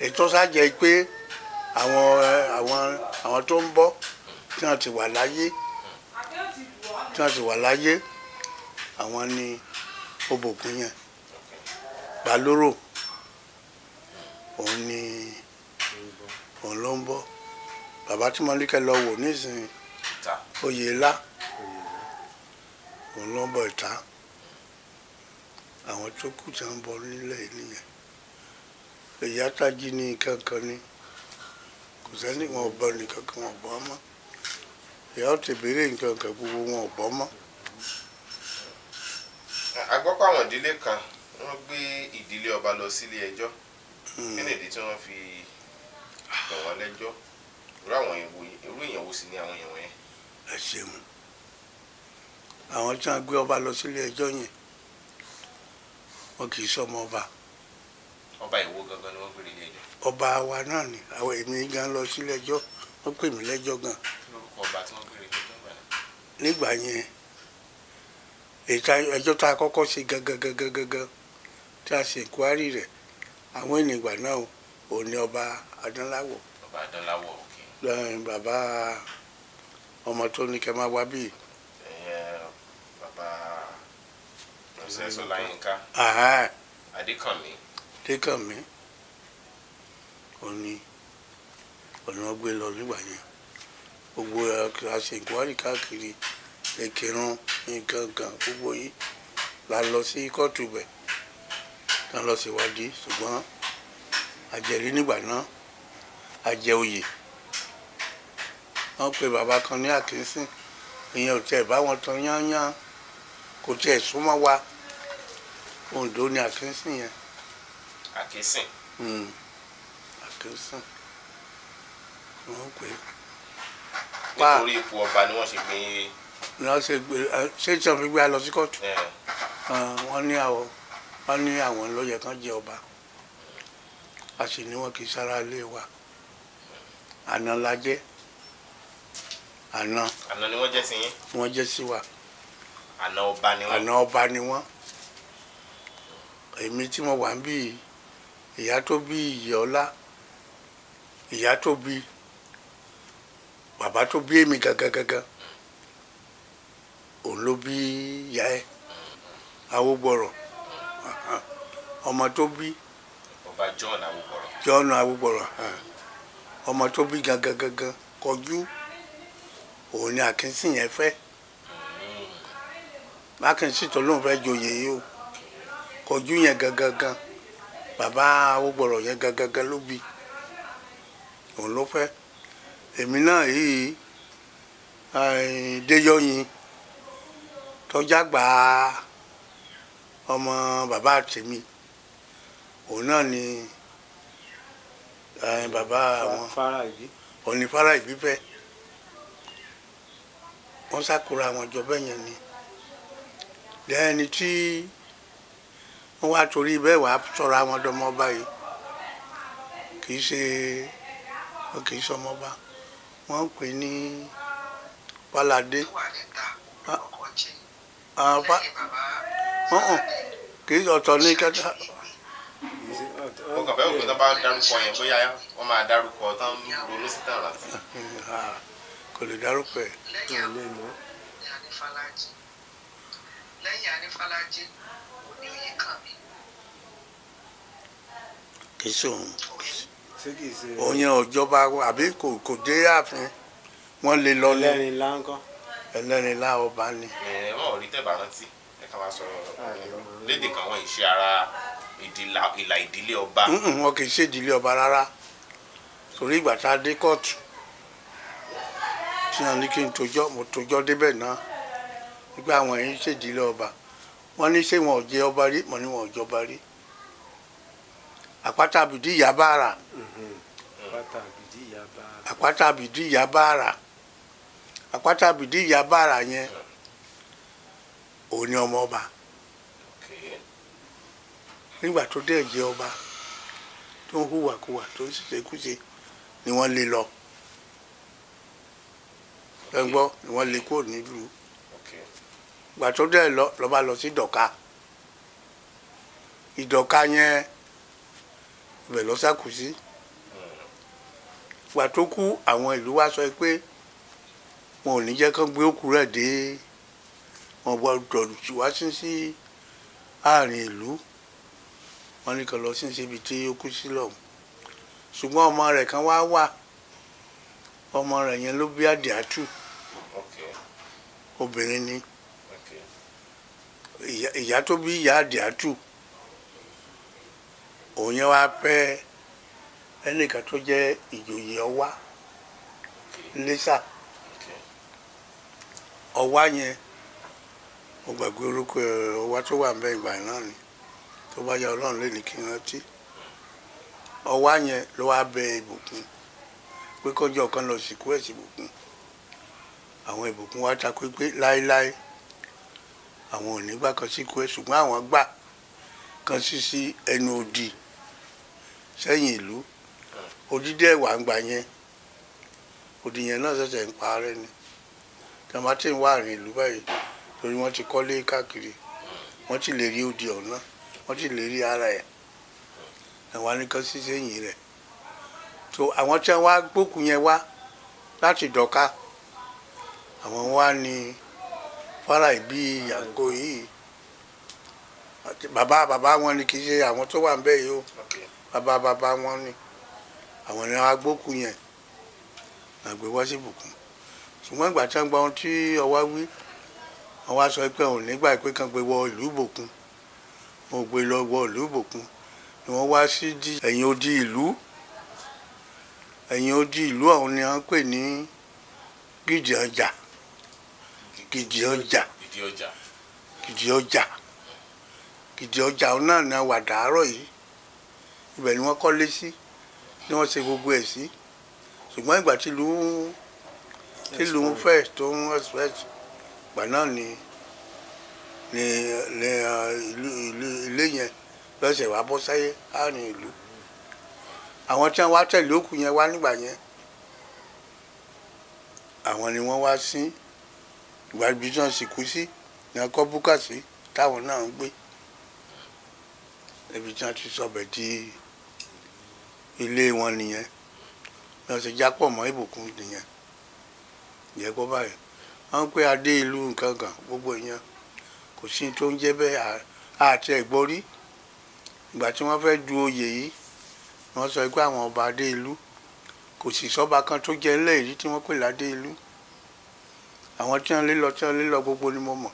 ètò sájẹ pé àwọn àwọn àwọn tó ń bọ̀ tí wọ́n ti wà láyé tí wọ́n ti wà láyé àwọn ni obògùn yẹn balóró òun ni òun ló ń bọ̀ bàbá tí mo ní kẹ́ lọ wò nísìnyí oyè ńlá òun ló ń bọ̀ ìta àwọn tó kù tí wọ́n ń bọ̀ nílẹ̀ nìyẹn ìyá tají ní nǹkan kan ni kò sẹ́ni wọn ọ̀bọ nìkan kan wọn ọ̀bọ mọ́ ìyá ó ti béèrè nǹkan kan gbogbo wọn ọ̀bọ mọ́. àgbọ́pọ̀ àwọn ìdílé kan wọ́n gbé ìdílé ọba lọ sílé ẹjọ́ hmm. kí ni ìdí tí wọ́n fi pè wọ́n lẹ́jọ́ irú àwọn irú èèyàn wo sì ni àwọn èèyàn yẹn. ẹ ṣeun àwọn tí wọ́n gbé ọba lọ sílé ẹjọ́ yẹn wọn kì í sọmọ ọba ọba ìwo gangan ni wọ́n gbé nílé ẹjọ́. ọba wa náà ni àwọn èmi gan lọ sílé ẹjọ́ wọ́n pè mí lẹ́jọ́ gan. lórúkọ ọba tí wọ́n gbé nílé ẹjọ́ gbà náà. nígbà yẹn ètò tá a kọ́kọ́ ṣe gangan gangan gangan tí a ṣe ìkúárì rẹ̀ àwọn ènìgbà náà ò ní ọba adánláwọ̀. ọba adánláwọ̀ òkè. bàbá ọmọ tó ní kẹ máa wá bíi. bàbá ọ̀sẹ̀ sọ̀láyínká. Adékànmí. Adékànmí òní ọ̀nà gbé lọ nígbà yẹn gbogbo aṣèǹkwárì káàkiri èkìrun nǹkan kan gbogbo yìí la lọ sí kóòtù bẹ̀ la lọ ṣèwádìí ṣùgbọ́n àjẹrí nígbà náà àjẹ oyè wọ́n pe bàbá kan ní àkínsìn ìyẹn ò tiẹ̀ bá wọn tan yányán kò tiẹ̀ súnmọ́ wa Oǹdó ni àkínsìn yẹn àkẹ́sìn. Hmm. àkẹ́sìn wọ́n pè é. nítorí ipò ọba ni wọ́n ṣe gbé e. wọ́n ṣe gbé ṣé tí wọ́n fi gbé a lọ sí kóòtù. wọ́n ní àwọn wọ́n ní àwọn ló yẹ kán jẹ ọba a sì ní wọn kì í sára ilé wa àná la jẹ́ àná. àná ni wọ́n jẹ́ sí yín. wọ́n jẹ́ sí wa àná ọba ni wọn. àná ọba ni wọn èmi tí mo wà ń bí ìyá tó bí ọlá ìyá tó bí bàbá tó bí èmi gangan gangan òun ló bí ìyá ẹ awúgbọ̀rọ̀ ọmọ tó bí ọba John awúgbọ̀rọ̀ John ọmọ tó bí gangan kọjú òun ni àkínsìn yẹn fẹ́ mákìnsìn hmm. tó lóun fẹ́ joyè yìí o kọjú yẹn gangan bàbá awógbọ̀rọ̀ yẹn gangan ló bi òun ló fẹ́ èmi náà yìí déyọyin tọ́jàgbà ọmọ bàbá tèmi òun náà ni bàbá wọn òní fara ìbí fẹ́ wọ́n sákòrò àwọn jọ bẹ́ẹ̀ yẹn ni lẹ́yìn tí wọ́n wá torí bẹ́ẹ̀ wá sọ̀rọ̀ àwọn ọ̀dọ́mọba yìí kì í ṣe kì í ṣọmọba wọ́n ń pè ní Pálàdé kì í ọ̀tọ̀ ní kẹta. ọkàn bẹ́ẹ̀ òkú tó bá dárúkọ yẹn bóyá wọ́n máa dárúkọ tó ń ronú sí tàn láti. kò lè dárúkọ ẹ̀. lẹ́yìn Anífálájí lẹ́yìn Anífálájí oníyìí kan mi kì í sòun òun yẹn òjọba àbí kò kò dé ààfin wọn lè lọ ní ẹlẹ́rìnlá ńkọ́ ẹlẹ́rìnlá ọba ni. ẹ wọn ò rí tẹ̀bà rántí ẹ ká máa sọ̀rọ̀ ah, lédè kan wọn ìṣe ara ìlà ìdílé ọba. wọn kì í ṣe ìdílé ọba rárá torí ìgbà tá a dé kóòtù tí wọn ní kí n tójọ́ mo tójọ́ débẹ̀ náà nígbà wọn yìí ṣèdílé ọba wọn ní ṣé wọn ò jẹ ọba rí mo ní wọn ò jọba rí àpáta àbìdí ìyábára àpáta àbìdí ìyábára àpáta àbìdí ìyábára yẹn òun ni ọmọ ọba nígbà tó dé jẹ ọba tó ń hùwàkuwà tó ń ṣiṣẹ́kúṣe ni wọ́n lé lọ ẹgbọ́ ni wọ́n lé kúrò nílùú gbà tó dé lọ lọ́ba lọ sí ìdọ̀ka ìdọ̀ka yẹn ibẹ̀ ló sákù sí ìgbà tó kú àwọn ìlú wa sọ pé wọn ò ní jẹ́ kán gbé òkú rẹ̀ dé wọn bọ dọ̀lù tí wá sí sí àárín ìlú wọn ní kan lọ sí síbi tí ó kú sí lọ́hùn ṣùgbọ́n ọmọ rẹ̀ kan wá wà ọmọ rẹ̀ yẹn ló bí àdìátù obìnrin ni ìyá tó bí ìyá àdìátù. Okay òun yẹn wá fẹ́ ẹnìkan tó jẹ́ ìjòyè ọwá lẹ́sà ọwá yẹn mo gbàgbé orúkọ ọwá tó wà nbẹ ìgbà náà ni tó bá yá ọlọ́run lè ní kí n rántí ọwá yẹn ló wá bẹ ìbùkún pé kọjọ kan lọ sìnkú ẹ̀ sí àwọn ìbùkún wa ta pé láéláé àwọn ò ní gbà kan síkú ẹ̀ ṣùgbọ́n àwọn gbà kan sí sí ẹnu òdì sẹ́yìn ìlú odidi ẹ̀wà ń gbà yẹn odi náà ṣẹ̀ṣẹ̀ ń parẹ́ ni tòmátì ń wá àárín ìlú báyìí torí wọ́n ti kọ́lé káàkiri wọ́n ti lè rí odi ọ̀nà wọ́n ti lè rí ara ẹ̀ ẹ̀wà nìkan sí sẹ́yìn rẹ̀ so àwọn tí wọ́n wá gbókùn yẹn wá láti dọ̀ka àwọn wá ní fara ìbí Ìyàngó yìí bàbá bàbá wọn ni kì í ṣe àwọn tó wà ń bẹ̀ yìí o. Okay bàbá bàbá wọn ni àwọn ni agbóku yẹn àgbè wá sí ìbùkún ṣùgbọ́n ìgbà tí wọ́n gba ohun tí ọwá wí wọ́n wá sọ pé òun nígbà pé kan gbé wọ ìlú ìbòkun mo gbé lọ wọ ìlú ìbòkun ni wọ́n wá sí ẹ̀yìn odi ìlú ẹ̀yìn odi ìlú ọ̀hún ni wọ́n pè ní gidi ọjà gidi ọjà gidi ọjà gidi ọjà ọ̀hún náà ni wàdà àárọ̀ yìí ibẹ̀ ni wọ́n kọ́lé sí tí wọ́n ṣe gbogbo ẹ̀ sí ṣùgbọ́n ìgbà tílu tílu fẹ́ tó ń expect ìgbà náà ni ni ni ìlú ìlú ilé yẹn lọ́sẹ̀ wá bọ́ sáyé àárín ìlú àwọn tí wọ́n wá tẹ̀lé òkú yẹn wá nígbà yẹn àwọn ni wọ́n wá sí ìgbà ibi tí wọ́n sì kú sí ní ọkọ̀ búkà sí táwọn náà ń gbé ibi tí wọ́n ti sọ̀bẹ̀ di ilé wọn nìyẹn bí wọ́n ṣe jápọ̀ mọ́ ìbùkún nìyẹn ìyẹn kó báyìí wọ́n pé adé ìlú nǹkan kan gbogbo ìyẹn kò sí tó ń jẹ́ bẹ́ẹ̀ àti ẹ̀gbọ́rí ìgbà tí wọ́n fẹ́ du oyè yìí wọ́n sọ pé àwọn ọba adé ìlú kò sì sọ́ba kan tó jẹ́ ńlẹ̀ èyí tí wọ́n pè ládé ìlú àwọn tí wọ́n lé lọ tí wọ́n lé lọ gbogbo ni mo mọ̀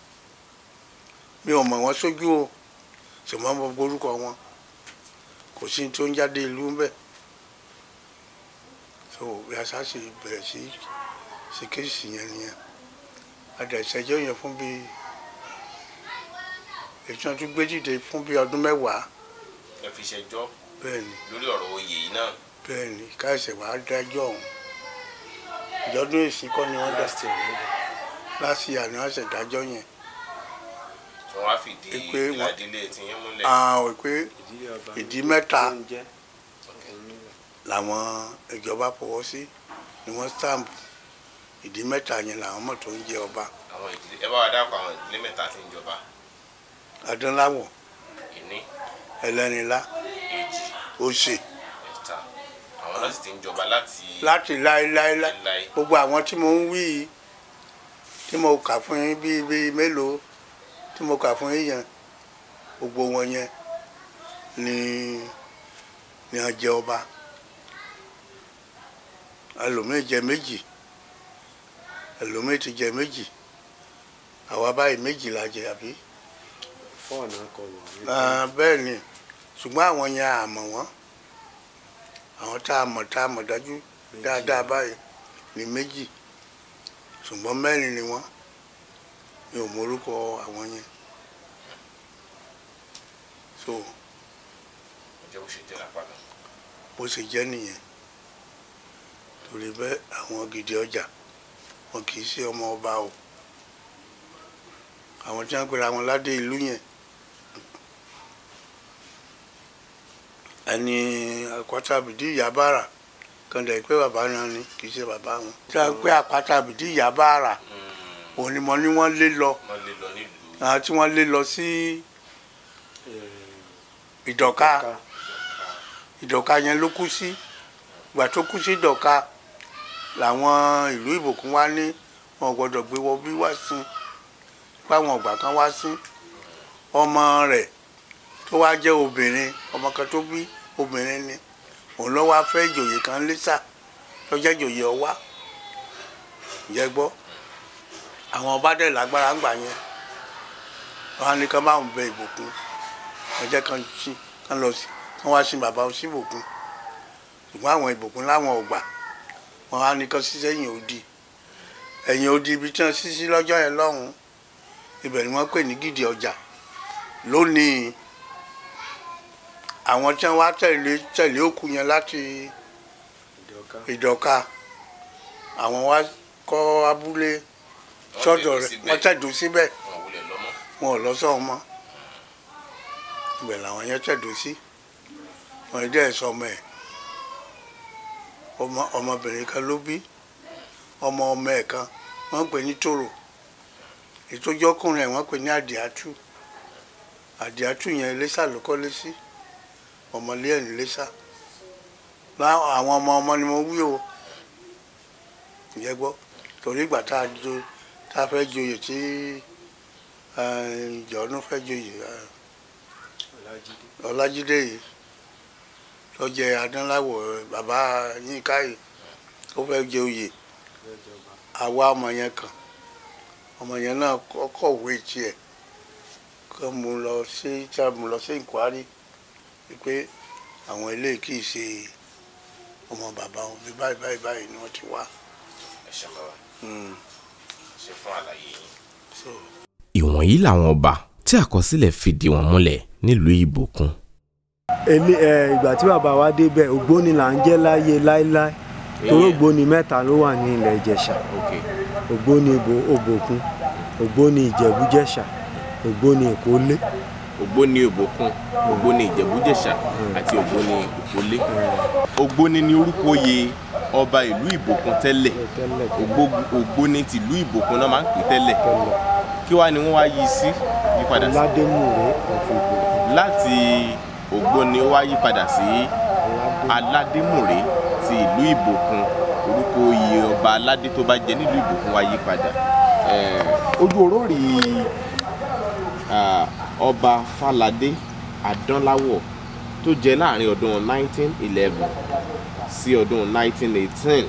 mi ò mọ̀ wọ́n sójú o ṣùgbọ́n mo borúkọ wọn kò sí tó ń jáde ìlú ń so bí si sá si bẹ̀rẹ̀ sí sí kéèsì yẹn nìyẹn adẹ̀sẹ̀jọ́ yẹn fún bíi ètò àti gbẹ́dìde fún bíi ọdún mẹ́wàá. ẹ fi ṣẹjọ́ bẹ́ẹ̀ni lórí ọ̀rọ̀ oyè yìí náà. bẹ́ẹ̀ni káyọ̀sẹ̀ wàá dájọ́ ọ̀hún ìjọdún èsì kọ́ ni wọ́n dá láti àná àṣẹ dájọ́ yẹn. wọ́n á fìdí ìlàdílé tí yẹn múlẹ̀. àwọn ah, ìpè ìdí mẹ́ta làwọn ìjọba fọwọ́ sí ni wọ́n stamp ìdí mẹ́ta yẹn làwọn mọ̀ tó ń jẹ ọba. àwọn ìdílé ẹ bá wa dáàbò àwọn ìdílé mẹ́ta tí ń jọba. adúláwọ̀ ìní ẹlẹ́nilá èjì òsè ẹ̀ta àwọn náà sì ti ń jọba láti. láti láéláé gbogbo àwọn tí mo ń wí tí mo kà fún yín bíi bíi mélòó tí mo kà fún yín yẹn gbogbo wọn yẹn ni ni wọ́n jẹ ọba ẹlòmíì jẹ méjì ẹlòmíì ti jẹ méjì àwa báyìí méjì la jẹ àbí. fọ́ọ̀nù akọ wọ̀. bẹ́ẹ̀ ni ṣùgbọ́n àwọn yẹn àmọ̀ wọ́n àwọn tá a mọ̀ tá a mọ̀ dájú dáadáa báyìí ni méjì ṣùgbọ́n mẹ́rin ni wọ́n mi ò àwọn yẹn bó ṣe jẹ́ nìyẹn torí bẹ́ẹ̀ àwọn gidi ọjà wọn kì í ṣe ọmọ ọba o àwọn tí wọ́n pera wọn ládé ìlú yẹn ẹni àpáta bìdí ìyábára kan dẹ̀ bàbá náà ni kì í ṣe bàbá wọn. tí wọ́n pé àpáta bìdí ìyábára òun ni mo ní wọ́n lé lọ tí wọ́n lé lọ sí ìdọ̀ka ìdọ̀ka yẹn ló kú sí ìgbà tó kú sí ìdọ̀ka làwọn ìlú ìbòkún wá ní wọn gbọ́dọ̀ gbé wọ bí wá sí páwọn ọgbà kan wá sí ọmọ rẹ̀ tó wá jẹ́ obìnrin ọmọ kan tó bí obìnrin ni òun lọ wá fẹ́ ìjòyè kan lẹsà tó jẹ́ ìjòyè ọwá ǹjẹ́ gbọ́ àwọn ọba dẹ̀ lágbára ń gbà yẹn wọn á ní kán máa ń bẹ ìbòkún ọjọ́ kan sí kán lọ sí kán wá sí bàbá òsínbòkún ṣùgbọ́n àwọn ìbòkún láwọn ọgbà wọn á nìkan sí sẹ́yìn odi ẹ̀yìn odi ibi tí wọ́n sí lọ́jọ́ yẹn lọ́hùn ibẹ̀ ni wọ́n pè ní gidi ọjà lónìí àwọn tí wọ́n wá tẹ̀lé tẹ̀lé òkú yẹn láti ìdọ̀ka àwọn wá kọ́ abúlé sọ́dọ̀ rẹ̀ wọ́n tẹ̀dó síbẹ̀ wọn ò lọ sọ́hun mọ́ ibẹ̀ làwọn yẹn tẹ̀dó sí wọ́n dẹ̀ sọmọ ẹ̀ ọmọ ọmọbìnrin kan ló bí ọmọ ọmọ ẹ̀ kan wọ́n pè ní tòrò ìtòjọ́kùnrin ẹ̀ wọ́n pè ní àdìátú àdìátú yẹn iléṣà ló kọ́lé sí ọmọlé ẹ̀ ní iléṣà àwọn ọmọ ọmọ ni mo wí o ìyẹn gbọ́ torí ìgbà tá a jo tá a fẹ́ joyè tí ìjọ́nú fẹ́ joyè ọlájídé yìí ló jẹ adánláwọ̀ bàbá Yínká yìí ó fẹ́ jẹ oyè àwa ọmọ yẹn kan ọmọ yẹn náà kọ̀wé tiẹ̀ kó mu lọ sí tí a mu lọ sí ìkwárí pé àwọn ilé kì í ṣe ọmọ bàbá wọn bí báyìí báyìí báyìí ni wọ́n ti wá. ẹ ṣe bàbá ṣe fún àlàyé yìí. ìwọ̀nyí làwọn ọba tí àkọsílẹ̀ fìdí wọn múlẹ̀ nílùú ìbòkun ìgbà tí bàbá wa débẹ̀ ògbóni là ń jẹ́ láyé láíláí torí ògbóni mẹ́ta ló wà ní ilẹ̀ ìjẹ̀ṣà ògbóni òbòkun ògbóni ìjẹ̀bújẹ̀ṣà ògbóni ìkólé ògbóni òbòkun ògbóni ìjẹ̀bújẹ̀ṣà àti ògbóni ìkólé ògbóni ni orúkọ oyè ọba ìlú ìbòkun tẹ́lẹ̀ ògbóni tìlú ìbòkun náà máa ń pè tẹ́lẹ̀ kí wá ni wọ́n wá yí sí yípadà sí. ládémùrè ọ̀fìgbò. láti Ògbó ni ó wá yí padà sí Aládémùrè ti ìlú Ìbòkun orúkọ oyè ọba aládé tó bá jẹ nílùú Ìbòkun wá yí padà eh, ojú oró rí ọba Fáládé Adánláwọ̀ tó jẹ láàrin ọdún 1911 sí ọdún 1918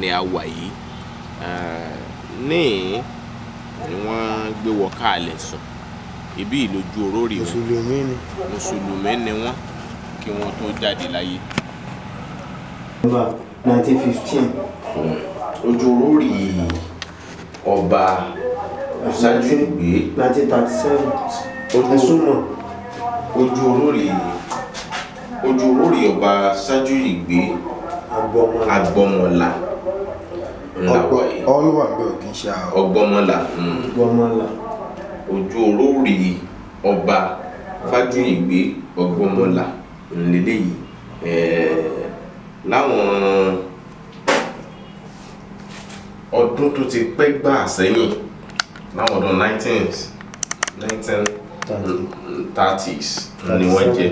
ní àwà yìí eh, ní wọ́n gbé wọ káàlẹ̀ sùn ibi ìlójú oró rí wọn mùsùlùmí ni wọn kí wọn tó jáde láyé. nọ́mbà nineteen fifteen. Hmm. ojú oró rí ọba ṣáájú ìgbé. nineteen thirty seven. ẹ̀sùnmọ̀. ojú oró rí ojú oró rí ọba ṣáájú ìgbé agbọmọlá ọgbọmọlá. Hmm ojú orórì ọba fájúyìngbé ọgbọ́mọlà ńlẹ́lẹ́yìí láwọn ọdún tó ti pẹ́ gbà sẹ́yìn láwọn ọdún 19th 1930s ni wọ́n jẹ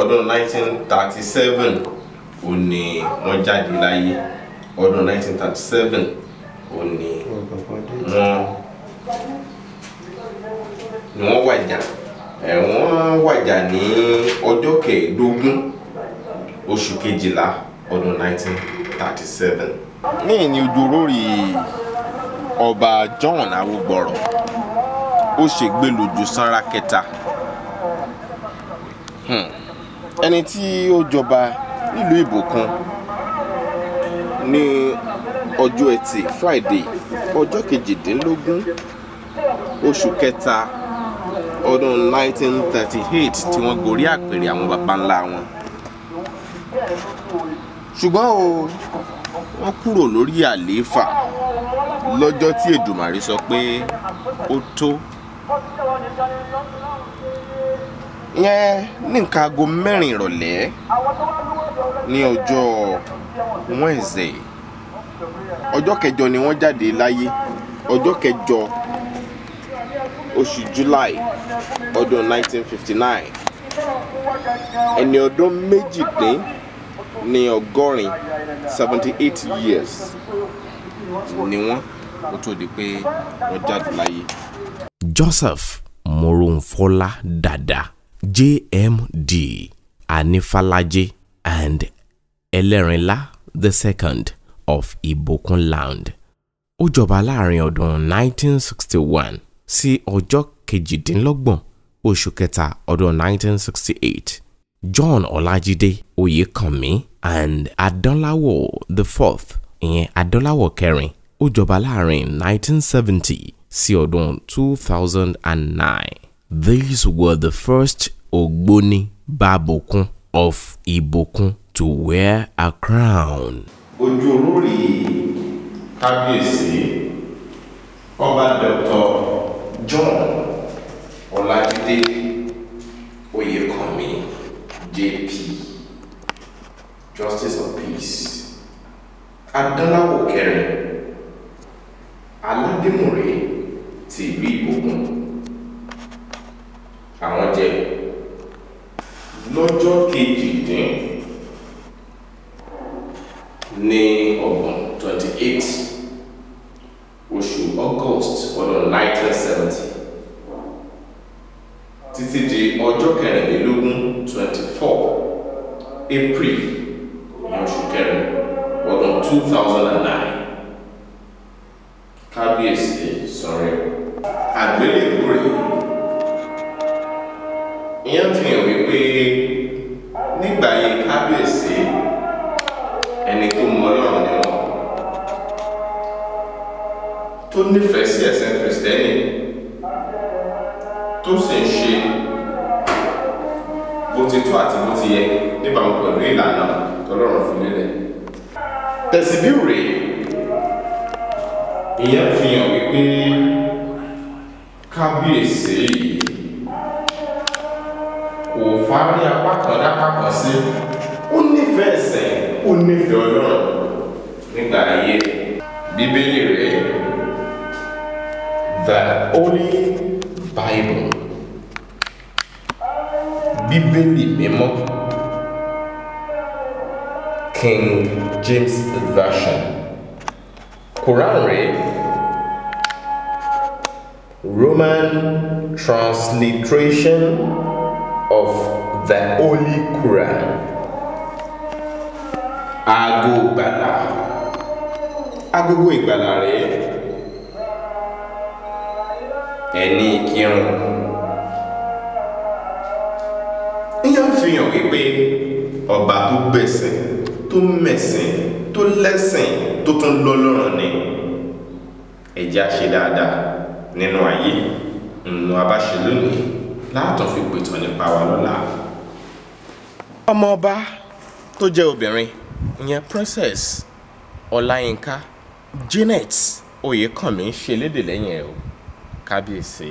ọdún 1937 ò ní wọ́n jáde láyé ọdún 1937 ò ní wọ́n ni wọ́n wàjà wọ́n wàjà ní ọjọ́ kẹẹ̀ẹ́dógún oṣù kejìlá ọdún 1937. lẹ́yìn ni ojú olórí ọba John Awógbọ̀rọ̀ ó ṣègbè lójú sanra kẹta hmm. ẹni tí ó jọba nílùú ìbòkun ní ọjọ́ ẹtì Friday ọjọ́ kejìdínlógún oṣù kẹta ọdún 1938 tí wọ́n gorí àpèrè àwọn baba ńlá wọn. ṣùgbọ́n o wọ́n kúrò lórí àlééfà lọ́jọ́ tí Èdùmàrè sọ pé ó tó. ìyẹn ní nǹkan aago mẹ́rin ìrọ̀lẹ́ ní ọjọ́ Wednesday ọjọ́ kẹjọ ni wọ́n jáde láyé ọjọ́ kẹjọ oṣù july ọdún 1959 ẹni ọdún méjìdín ní ọgọ́rin 78 years ni wọ́n kó tó di pé wọ́n jáde láyé. joseph Morunfola dada jmd anifalaje and ẹlẹ́rìnlá the second of ibokunland ó jọba láàrin ọdún 1961 sí ọjọ́ kejìdínlọ́gbọ̀n oṣù kẹta ọdún 1968 John Ọlájídé Oyèkànmí and Adọ́láwọ̀ the fourth ìyẹn Adọ́láwọ̀ kẹrin ó jọba láàrin 1970 sí ọdún 2009 these were the first Ògbóni Babokun of Ìbòkun to wear a crown. ojú olórí kábíyèsí ọba dr John Ọlájídé Oyèkànmí JP Justice of Peace Adánláwò kẹrin Aládémùrè ti ìlú Ìgbógun àwọn jẹ lọ́jọ́ kejìdín bíbélì mímọ́ king james version quran rèé roman transliteration of the holy quran aago ìgbàlà agogo ìgbàlà rèé ẹni kírun. wípé ọba tó gbẹ̀sìn tó mẹ̀sìn tó lẹ́sìn tó tún lọ́lọ́rùn ni ẹ ṣe dáadáa nínú ayé nínú abáṣe lónìí fi pìtàn nípa wa lọ́la. ọmọọba tó jẹ́ obìnrin ìyẹn princess ọláyínká janet oyèkànmí ṣe lédè lẹ́yìn ẹ̀ o kábíyèsí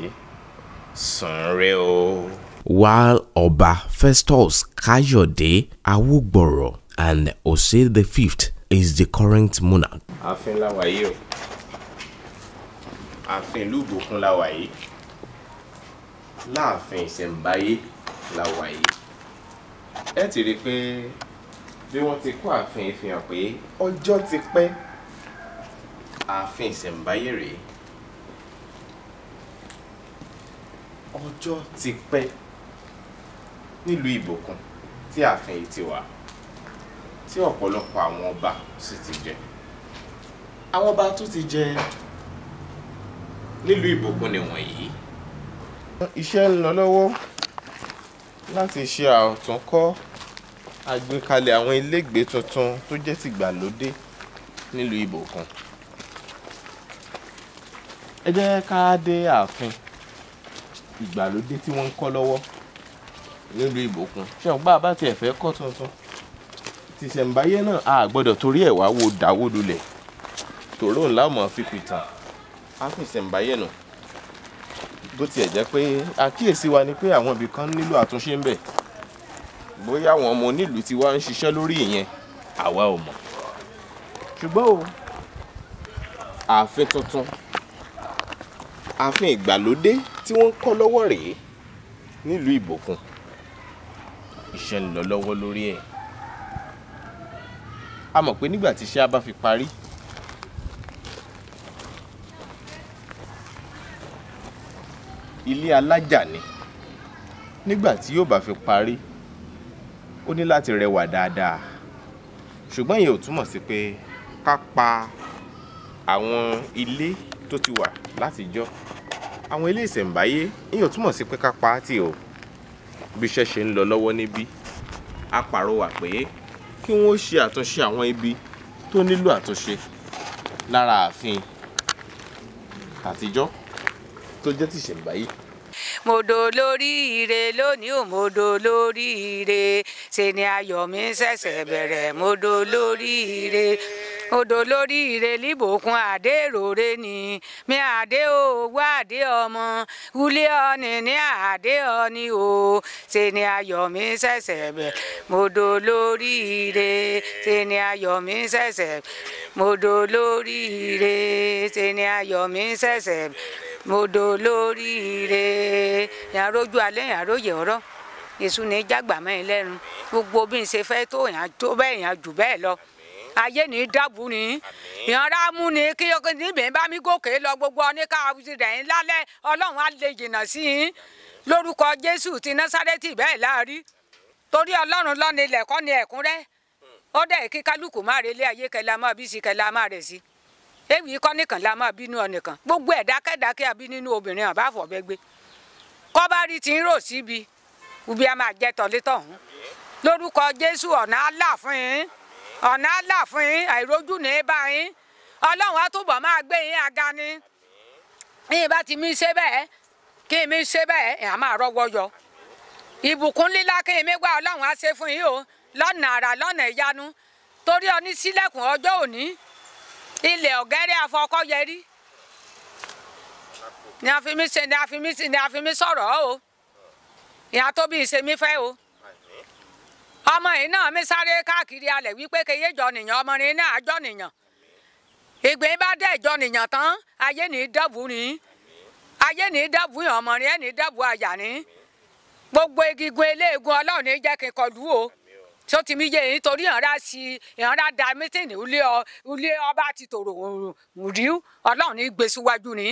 sùn o. while Ọba Festus Kayode Awugboro and Ose the Fifth is the current monarch. Ààfin la wà yìí o. Ààfin ìlú Ìgbòkun la wà yìí. Láàfin ìṣẹ̀ǹbáyé la wà yìí. Ẹ ti rí i pé bí wọ́n ti kó ààfin fi hàn pé ọjọ́ ti pẹ́ ààfin ìṣẹ̀ǹbáyé rèé. Ọjọ́ ti pẹ́ nílùú ìbòkun tí ààfin yìí ti wà tí ọ̀pọ̀lọpọ̀ àwọn ọba sì ti jẹ àwọn ọba tó ti jẹ nílùú ìbòkun nìwọ̀nyí. iṣẹ́ ń lọ lọ́wọ́ láti ṣe àtúnkọ́ àgbékalẹ̀ àwọn ilégbèé tuntun tó jẹ́ tìgbàlódé nílùú ìbòkun. ẹ jẹ́ ká dé ààfin ìgbàlódé tí wọ́n ń kọ́ lọ́wọ́ nílùú ìbòkun ṣé ọgbà bá tiẹ̀ fẹ́ kọ́ tuntun tìṣẹ̀ǹbáyé náà a gbọ́dọ̀ torí ẹ̀ wá wo dáwó lulẹ̀ tòró ńlá mọ̀ fífi tàn á fi ìṣẹ̀ǹbáyé nù bó tiẹ̀ jẹ́ pé àkíyèsí wa ni pé àwọn ibì kan nílò àtúnṣe ń bẹ̀ bóyá àwọn ọmọ onílùú ti wá ń ṣiṣẹ́ lórí ìyẹn àwa ò mọ̀ ṣùgbọ́n o ààfin tuntun ààfin ìgbàlódé tí wọ́n ń kọ́ lọ́wọ́ rèé nílùú ìbòkun iṣẹ́ ń lọ lọ́wọ́ lórí ẹ̀ a mọ̀ pé nígbà tí iṣẹ́ bá fi parí ilé alájà ni nígbà tí yóò bá fi parí ó ní láti rẹwà dáadáa ṣùgbọ́n ìyẹn ò túmọ̀ sí pé ká pa àwọn ilé tó ti wà látijọ́ àwọn ilé ìṣẹ̀ǹbáyé ìyẹn ò túmọ̀ sí pé ká pa á tì o bí iṣẹ́ ṣe ń lọ lọ́wọ́ níbí a pàrọwà pé kí wọ́n ṣe àtúnṣe àwọn ibi tó nílò àtúnṣe lára ààfin tàtijọ́ tó jẹ́ tìṣẹ̀ǹbáyé mo dolóríire lónìí ò mo dolóríire ṣe ni ayọ̀ mi ṣẹ̀ṣẹ̀ bẹ̀rẹ̀ mo dolóríire odò lórí ire líbòkun àdé ròre ni mi àdé owó àdé ọmọ wúlé ọ̀nì ní àdé ọ̀nì o ṣe ni ayọ̀ mi ṣẹ̀ṣẹ̀ bẹ̀ mo dò lórí ire ṣe ni ayọ̀ mi ṣẹ̀ṣẹ̀ mo dò lórí ire ṣe ni ayọ̀ mi ṣẹ̀ṣẹ̀ mo dò lórí ire yàrá ojú alẹ́ yàrá òye ọ̀rọ̀ èṣù ní jágbàmọ́ ẹ lẹ́nu gbogbo bí n ṣe fẹ́ tó yàn tó bẹ́ẹ̀ yàn jù bẹ́ẹ̀ lọ. ayé ní dàbù ni ìyànra mú ní kí níbẹ̀ bá mi gòkè lọ gbogbo oníkà rẹ̀ ń lálẹ́ ọlọ́run á lè jìnnà sí i lórúkọ jésù ti násárẹ́tì bẹ́ẹ̀ láàrí torí ọlọ́run lọ́ni ilẹ̀ kọ́ ni ẹ̀kúnrẹ́ hmm. ó dẹ̀ kí kálukú má relé ayé kẹlẹ́ máa bí sí kẹlẹ́ máa rẹ̀ sí ewì kọ́ nìkan la máa bínú ọ nìkan gbogbo ẹ̀dá nínú obìnrin àbá fọ̀bẹ́ gbé rí ti ń rò síbi ubi a máa jẹ lórúkọ jésù ọ̀nà yín. ọ̀nà àlà fún yín àìrójú ní bá yín ọlọ́run á túbọ̀ máa gbé yín aga ni yín bá ti mí ṣe bẹ́ẹ̀ kí mi ṣe bẹ́ẹ̀ ẹ̀ á máa rọ́wọ́ yọ ìbùkún lílá kí mi gbá ọlọ́run á ṣe fún yín o lọ́nà àrà lọ́nà ìyanu torí ọ ní sílẹ̀kùn ọjọ́ òní ilẹ̀ ọ̀gẹ́rẹ́ afọkọ́yẹrí ni a fi mí ṣe ni a fi mí sọ̀rọ̀ o ìyá tó bí ìṣe fẹ́ o. ọmọ yìí náà mi sáré káàkiri alẹ̀ wípé keye jọ nìyàn ọmọrin náà jọ nìyàn ìgbín bá dẹ̀ jọ nìyàn tán ayé ní í dàbù ayé ní í yàn ọmọrin ẹ̀ ní í àyà ní gbogbo egungun eléegun ọlọ́run ní jẹ́ kí n kọlu o tó ti mi yé yín torí ìhànra sí ìhànra da mítìnì ilé ọba ti tòrò rí ọlọ́run ní gbé síwájú ní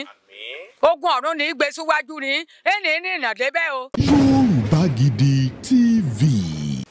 ogun ọ̀run ní gbé síwájú ní ẹ̀ ní ìrìnà débẹ̀ o. Yorùbá Gidi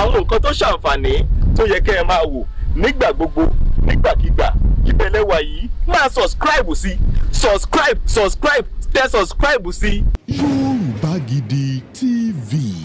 àwọn nǹkan tó ṣàǹfààní tó yẹ kẹ́ ẹ máa wò nígbà gbogbo nígbàkigbà ìbẹ̀lẹ̀wà yìí máa subscribe sí subscribe subscribe tẹ subscribe sí. Yorùbá Gidi TV.